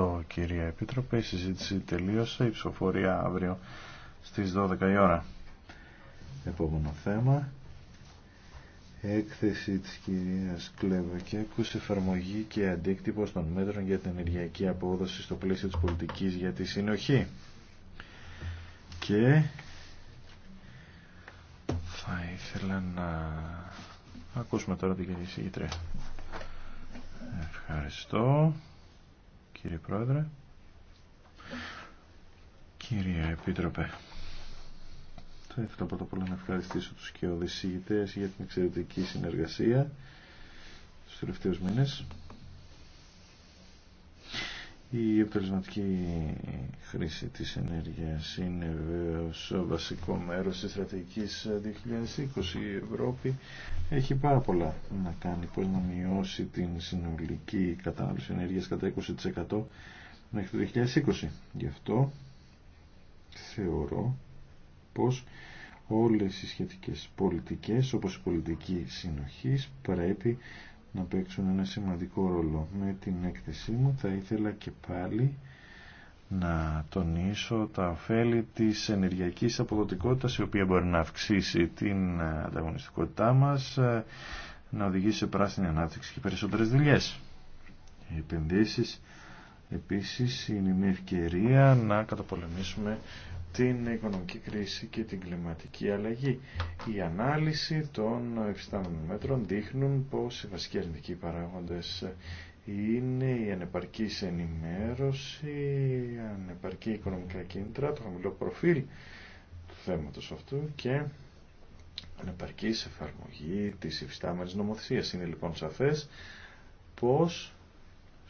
ευχαριστώ κυρία Επίτροπε. Η συζήτηση τελείωσε. Η ψηφοφορία αύριο στις 12 η ώρα. Επόμενο θέμα. Έκθεση της κυρίας Κλέβα και εφαρμογή και αντίκτυπο των μέτρων για την ενεργειακή απόδοση στο πλαίσιο της πολιτικής για τη συνοχή. Και θα ήθελα να ακούσουμε τώρα την κυρία Σιγητρέ. Ευχαριστώ κύριε Πρόεδρε. Κύριε Επίτροπε, θα ήθελα πρώτα απ' όλα να ευχαριστήσω τους και οδησίγητες για την εξαιρετική συνεργασία στους τελευταίους μήνες. Η αποτελεσματική χρήση της ενέργειας είναι βασικό μέρος της στρατηγικής 2020. Η Ευρώπη έχει πάρα πολλά να κάνει πώς να μειώσει την συνολική κατανάλωση ενέργειας κατά 20% μέχρι το 2020. Γι' αυτό θεωρώ πως όλες οι σχετικές πολιτικές όπως η πολιτική συνοχής πρέπει να παίξουν ένα σημαντικό ρόλο. Με την έκθεσή μου θα ήθελα και πάλι να τονίσω τα ωφέλη της ενεργειακής αποδοτικότητας η οποία μπορεί να αυξήσει την ανταγωνιστικότητά μας ε, να οδηγήσει σε πράσινη ανάπτυξη και περισσότερες δουλειές. Οι επενδύσεις επίσης είναι μια ευκαιρία να καταπολεμήσουμε την οικονομική κρίση και την κλιματική αλλαγή. Η ανάλυση των υφιστάμενων μέτρων δείχνουν πως οι βασικοί αρνητικοί παράγοντες είναι η ανεπαρκής ενημέρωση, η ανεπαρκή οικονομικά κίνητρα, το χαμηλό προφίλ του θέματος αυτού και ανεπαρκής εφαρμογή της υφιστάμενης νομοθεσίας. Είναι λοιπόν σαφές πως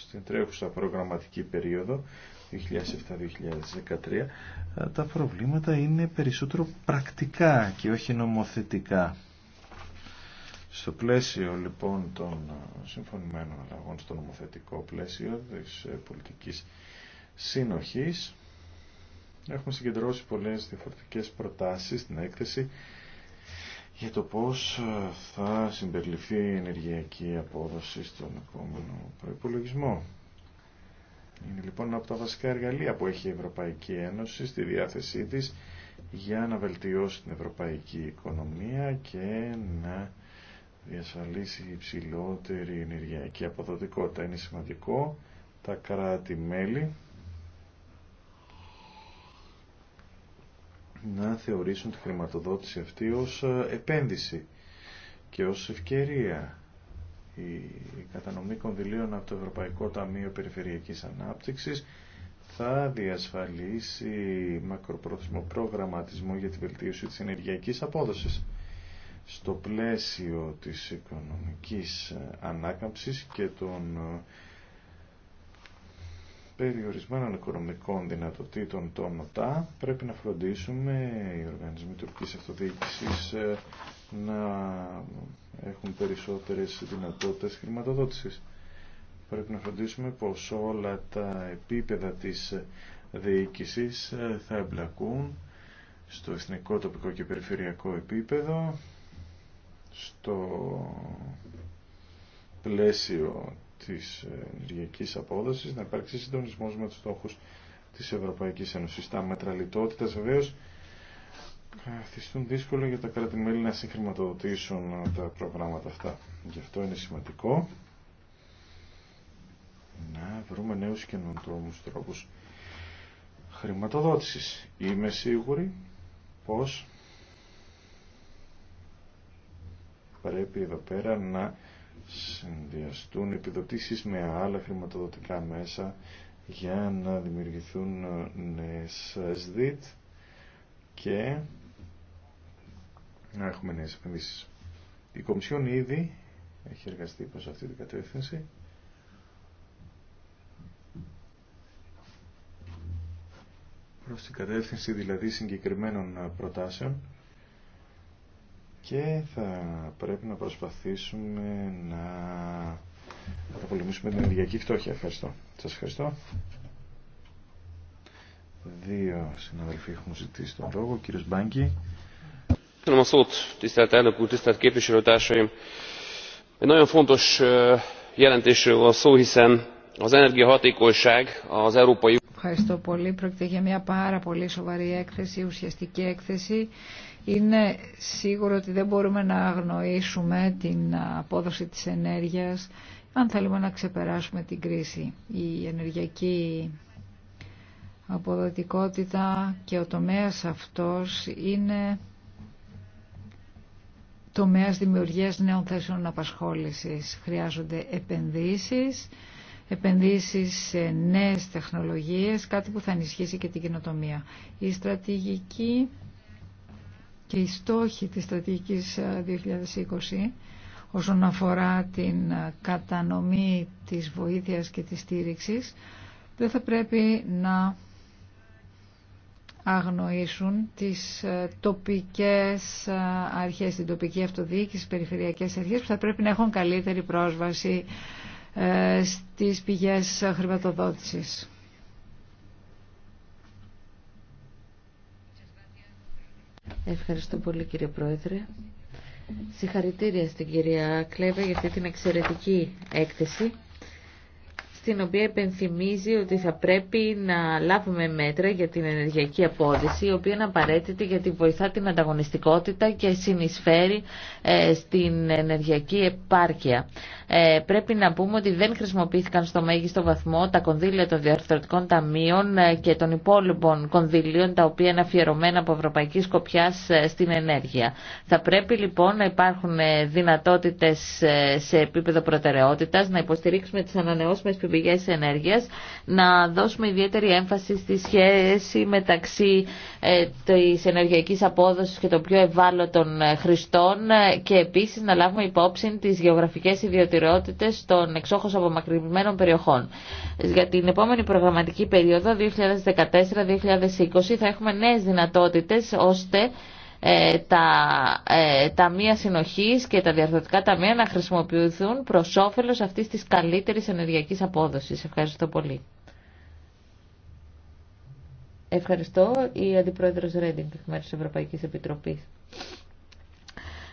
στην τρέχουσα προγραμματική περίοδο 2007-2013 ε, τα προβλήματα είναι περισσότερο πρακτικά και όχι νομοθετικά. Στο πλαίσιο λοιπόν των συμφωνημένων αλλαγών στο νομοθετικό πλαίσιο της ε, πολιτικής συνοχής έχουμε συγκεντρώσει πολλές διαφορετικές προτάσεις στην έκθεση για το πώς ε, θα συμπεριληφθεί η ενεργειακή απόδοση στον επόμενο προϋπολογισμό. Είναι λοιπόν από τα βασικά εργαλεία που έχει η Ευρωπαϊκή Ένωση στη διάθεσή της για να βελτιώσει την ευρωπαϊκή οικονομία και να διασφαλίσει υψηλότερη ενεργειακή αποδοτικότητα. Είναι σημαντικό τα κράτη-μέλη να θεωρήσουν τη χρηματοδότηση αυτή ως ε, επένδυση και ως ευκαιρία. Η κατανομή κονδυλίων από το Ευρωπαϊκό Ταμείο Περιφερειακής Ανάπτυξης θα διασφαλίσει μακροπρόθεσμο προγραμματισμό για τη βελτίωση της ενεργειακής απόδοσης στο πλαίσιο της οικονομικής ε, ανάκαμψης και των ε, περιορισμένων οικονομικών δυνατοτήτων των ΟΤΑ πρέπει να φροντίσουμε οι οργανισμοί τουρκικής αυτοδιοίκησης ε, να έχουν περισσότερες δυνατότητες χρηματοδότησης. Πρέπει να φροντίσουμε πως όλα τα επίπεδα της διοίκησης ε, θα εμπλακούν στο εθνικό, τοπικό και περιφερειακό επίπεδο, στο πλαίσιο της ε, ενεργειακής απόδοσης, να υπάρξει συντονισμός με τους στόχους της Ευρωπαϊκής Ένωσης. Τα μέτρα λιτότητας βεβαίως καθιστούν δύσκολο για τα κράτη-μέλη να συγχρηματοδοτήσουν ε, τα προγράμματα αυτά. Γι' αυτό είναι σημαντικό να βρούμε νέους καινοτρόμους τρόπους χρηματοδότησης. Είμαι σίγουρη πως πρέπει εδώ πέρα να συνδυαστούν επιδοτήσεις με άλλα χρηματοδοτικά μέσα για να δημιουργηθούν νέες ΣΔΙΤ και να έχουμε νέες επενδύσεις. Η Κομισιόν ήδη έχει εργαστεί προς αυτή την κατεύθυνση. Προς την κατεύθυνση δηλαδή συγκεκριμένων προτάσεων και θα πρέπει να προσπαθήσουμε να απολυμήσουμε την ενεργειακή φτώχεια. Ευχαριστώ. Σας ευχαριστώ. Δύο συναδελφοί έχουν ζητήσει τον λόγο. Ο κύριος Μπάνκη. Θέλω να σας δώσω τη στρατάλη που τη στρατική επισηρωτάσω. Ενώ είναι φόντος γέραντης ο Σούχησεν, ο Ζένεργη Χατήκοησέγ, ο Ζέρουπαϊκού. Ευχαριστώ πολύ. Πρόκειται για μια πάρα πολύ σοβαρή έκθεση, ουσιαστική έκθεση. Είναι σίγουρο ότι δεν μπορούμε να αγνοήσουμε την απόδοση της ενέργειας αν θέλουμε να ξεπεράσουμε την κρίση. Η ενεργειακή αποδοτικότητα και ο τομέας αυτός είναι τομέας δημιουργίας νέων θέσεων απασχόλησης. Χρειάζονται επενδύσεις επενδύσεις σε νέες τεχνολογίες, κάτι που θα ενισχύσει και την κοινοτομία. Η στρατηγική και οι στόχοι της στρατηγικής 2020 ε, όσον αφορά την ε, κατανομή της βοήθειας και της στήριξης δεν θα πρέπει να αγνοήσουν τις ε, τοπικές αρχές, την τοπική αυτοδιοίκηση, περιφερειακές αρχές που θα πρέπει να έχουν καλύτερη πρόσβαση ε, στις πηγές χρηματοδότησης. Ευχαριστώ πολύ κύριε Πρόεδρε. Συγχαρητήρια στην κυρία Κλέβε για αυτή την εξαιρετική έκθεση στην οποία επενθυμίζει ότι θα πρέπει να λάβουμε μέτρα για την ενεργειακή απόδειση, η οποία είναι απαραίτητη γιατί βοηθά την ανταγωνιστικότητα και συνεισφέρει ε, στην ενεργειακή επάρκεια. Ε, πρέπει να πούμε ότι δεν χρησιμοποιήθηκαν στο μέγιστο βαθμό τα κονδύλια των διαρθρωτικών ταμείων ε, και των υπόλοιπων κονδυλίων, τα οποία είναι αφιερωμένα από Ευρωπαϊκή Σκοπιά στην ενέργεια. Θα πρέπει λοιπόν να υπάρχουν δυνατότητε σε επίπεδο προτεραιότητα, να υποστηρίξουμε τι ανανεώσιμε πηγές ενέργειας, να δώσουμε ιδιαίτερη έμφαση στη σχέση μεταξύ ε, της ενεργειακής απόδοσης και των πιο ευάλωτων ε, χρηστών ε, και επίσης να λάβουμε υπόψη τις γεωγραφικές ιδιωτηριότητες των εξόχως απομακρυνμένων περιοχών. Για την επόμενη προγραμματική περίοδο 2014-2020 θα έχουμε νέες δυνατότητες ώστε ε, τα ε, ταμεία συνοχής και τα διαρθρωτικά ταμεία να χρησιμοποιηθούν προς όφελος αυτής της καλύτερης ενεργειακής απόδοσης. Ευχαριστώ πολύ. Ευχαριστώ. Η Αντιπρόεδρος Ρέντινγκ, εκ μέρους Ευρωπαϊκή Ευρωπαϊκής Επιτροπής.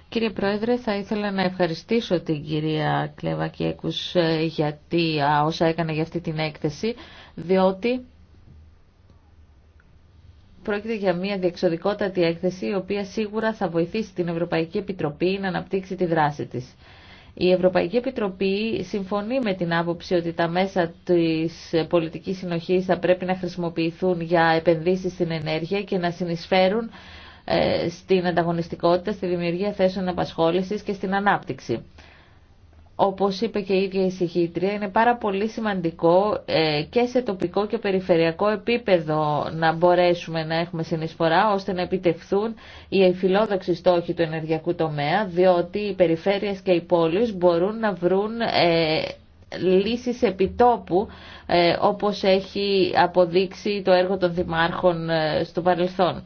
Κύριε Πρόεδρε, θα ήθελα να ευχαριστήσω την κυρία Κλεβακέκους ε, γιατί όσα έκανε για αυτή την έκθεση, διότι Πρόκειται για μια διεξοδικότατη έκθεση, η οποία σίγουρα θα βοηθήσει την Ευρωπαϊκή Επιτροπή να αναπτύξει τη δράση της. Η Ευρωπαϊκή Επιτροπή συμφωνεί με την άποψη ότι τα μέσα της πολιτικής συνοχής θα πρέπει να χρησιμοποιηθούν για επενδύσεις στην ενέργεια και να συνεισφέρουν ε, στην ανταγωνιστικότητα, στη δημιουργία θέσεων απασχόλησης και στην ανάπτυξη. Όπως είπε και η ίδια η συγχύτρια, είναι πάρα πολύ σημαντικό ε, και σε τοπικό και περιφερειακό επίπεδο να μπορέσουμε να έχουμε συνεισφορά ώστε να επιτευχθούν οι φιλόδοξοι στόχοι του ενεργειακού τομέα, διότι οι περιφέρειες και οι πόλεις μπορούν να βρουν ε, λύσεις επιτόπου ε, όπως έχει αποδείξει το έργο των δημάρχων στο παρελθόν.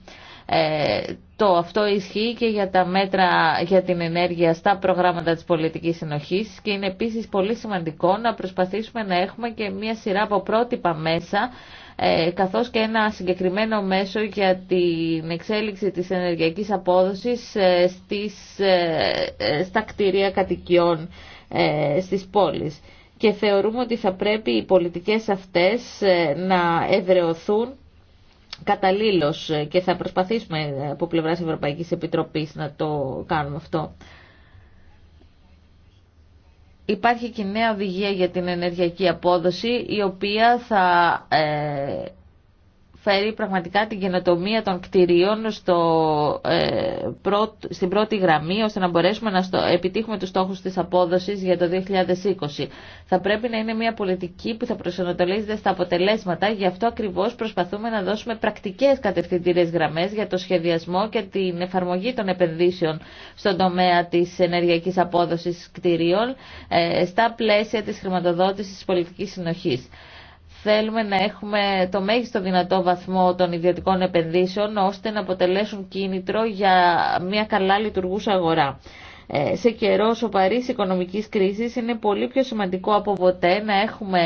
Ε, το αυτό ισχύει και για τα μέτρα για την ενέργεια στα προγράμματα της πολιτικής συνοχής και είναι επίσης πολύ σημαντικό να προσπαθήσουμε να έχουμε και μια σειρά από πρότυπα μέσα ε, καθώς και ένα συγκεκριμένο μέσο για την εξέλιξη της ενεργειακής απόδοσης ε, στις, στα κτίρια κατοικιών στις πόλεις. Και θεωρούμε ότι θα πρέπει οι πολιτικές αυτές να ευρεωθούν καταλήλως ε, και θα προσπαθήσουμε ε, από πλευράς Ευρωπαϊκής Επιτροπής να το κάνουμε αυτό. Υπάρχει και νέα οδηγία για την ενεργειακή απόδοση η οποία θα ε, φέρει πραγματικά την καινοτομία των κτηρίων στο, ε, στην πρώτη γραμμή ώστε να μπορέσουμε να επιτύχουμε τους στόχους της απόδοσης για το 2020. Θα πρέπει να είναι μια πολιτική που θα προσανατολίζεται στα αποτελέσματα, γι' αυτό ακριβώς προσπαθούμε να δώσουμε πρακτικές κατευθυντήριες γραμμές για το σχεδιασμό και την εφαρμογή των επενδύσεων στον τομέα της ενεργειακής απόδοσης κτηρίων ε, στα πλαίσια της χρηματοδότησης της πολιτικής συνοχής. Θέλουμε να έχουμε το μέγιστο δυνατό βαθμό των ιδιωτικών επενδύσεων ώστε να αποτελέσουν κίνητρο για μια καλά λειτουργούσα αγορά. Ε, σε καιρό σοβαρής οικονομικής κρίσης είναι πολύ πιο σημαντικό από ποτέ να έχουμε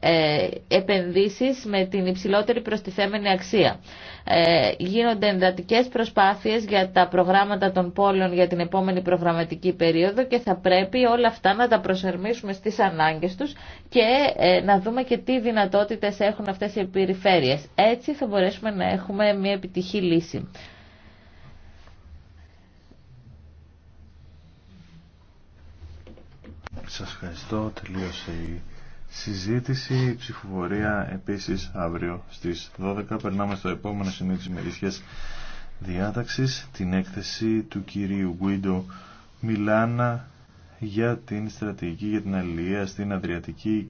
ε, επενδύσεις με την υψηλότερη προστιθέμενη αξία. Ε, γίνονται εντατικέ προσπάθειες για τα προγράμματα των πόλεων για την επόμενη προγραμματική περίοδο και θα πρέπει όλα αυτά να τα προσερμίσουμε στις ανάγκες τους και να δούμε και τι δυνατότητε έχουν αυτέ οι περιφέρειες. Έτσι θα μπορέσουμε να έχουμε μια επιτυχή λύση. Σας ευχαριστώ. Τελείωσε η συζήτηση. Η ψηφοφορία επίσης αύριο στις 12. Περνάμε στο επόμενο σημείο της μερίσιας διάταξης. Την έκθεση του κυρίου Γκουίντο Μιλάνα για την στρατηγική για την αλληλεία στην Αδριατική